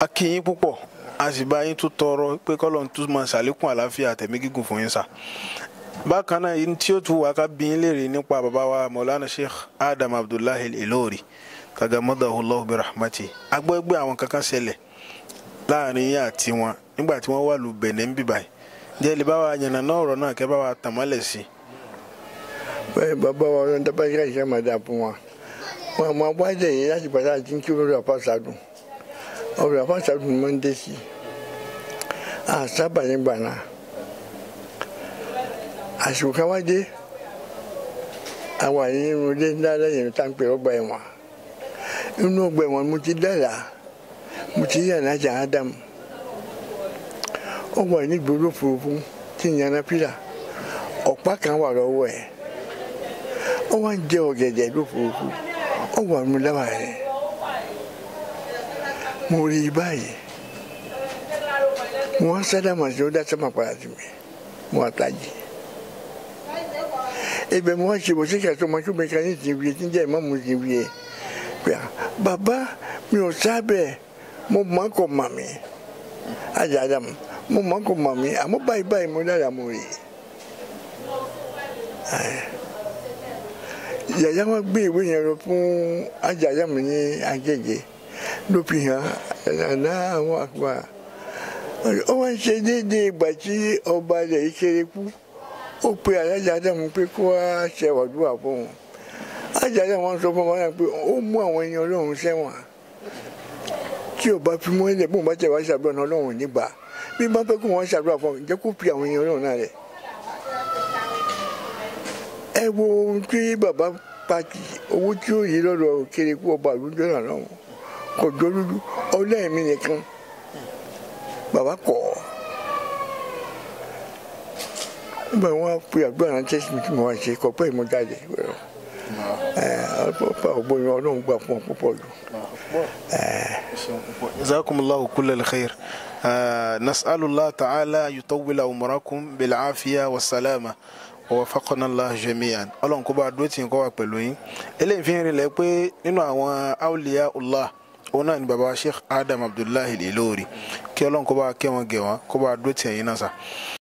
a kí yín a sì bá yín tọrọ pé kọ́lọ̀ tún máa ṣàlékún àlàáfíà gígùn fún yín bákan náà yín tí ó tún wà ká bí yín wa Maulana Sheikh Adam Abdullahi Ilori tagamadahu Allahu birahmati agbọ́ ẹgbẹ́ àwọn kankan ṣẹlẹ̀ láàrin yín àti wọn nígbà tí wọ́n wà lù bẹ̀nẹ̀ ń bìbà yìí jẹ́ lè bá wa yànnà náà náà bá wa tàn sí. bàbá wa dábàá Ọbụla fa sa dumuni de si a sa bani bana a su kawa de a wa ni nu de n dala yen tan pe o gba yen wa inu o gba yen wa mu ti dala na ja adam o wa ni gbolo furufu ti yan na pila ọpa kan wa lọwọ ẹ ọ wa n jẹ ọgẹdẹ lọ furufu ọ wa mu lawa yẹn. mo rí i báyìí mo wá sádàmà sí ó dá sámà padà sí mi mo wá tají ibẹ̀ mo wá ṣe bó ṣe kàtó ma tó mẹka ní ìsìnwíye tí ń jẹ́ ìmọ̀ mo ìsìnwíye pé bàbá mi ò sábẹ̀ mo mọ̀ kò mọ̀ mi àjàdàm mo mọ̀ kò mọ̀ mi àmọ́ báyìí báyìí mo dára mo rí i yàyà wọn gbé ìwé yẹn lọ fún àjàdàm ní agége lópin hàn àná àwọn àgbà ó wá ń ṣe déédéé ìgbà tí ọba ilẹ̀ yìí kéré kú ó pe alájà Ádámù pé kó wá ṣe wàdúrà fún wọn alájà Ádámù wọn sọ fún ọmọ náà pé ó mú àwọn ẹni Ọlọ́run sẹ́wọ̀n tí ò bá fi mú ẹlẹ́ bóun bá tẹ̀ wá ṣàdúrà náà Ọlọ́run nígbà bí bá fẹ́ kó wọn ṣàdúrà fún ọ jẹ́ kó fi àwọn ẹni Ọlọ́run náà rẹ̀ ẹ wo ohun tí bàbá pàtì owó tí ó yí lọ́dọ̀ kéré kú ọba àlùjọ náà lọ́wọ́ kò dolúlu ọlẹ́ẹ̀mí nìkan bàbá kọ̀ nígbà wọn pe àdúrà náà tẹ́sí mi tí mo wá ṣe kọ pé mo jáde ọlọ́pàá ògbóyin ọlọ́run gbà fún ọ púpọ̀ jù. jazakumullahu kullal khair nas'alullah ta'ala yutawwila umrakum bil afiya wa salama wọ́fọ́kànnà lajẹ́míyàn ọlọ́run kó bá dúró tì ń kọ́ wa pẹ̀lú yín eléyìí fi ń rinlẹ̀ pé nínú àwọn awliya Allah Ona ni baba Sheikh Adam Abdullahi Ilori kí ọlọ́run kó bá kẹ́ wọn gẹ̀ wọ́n kó bá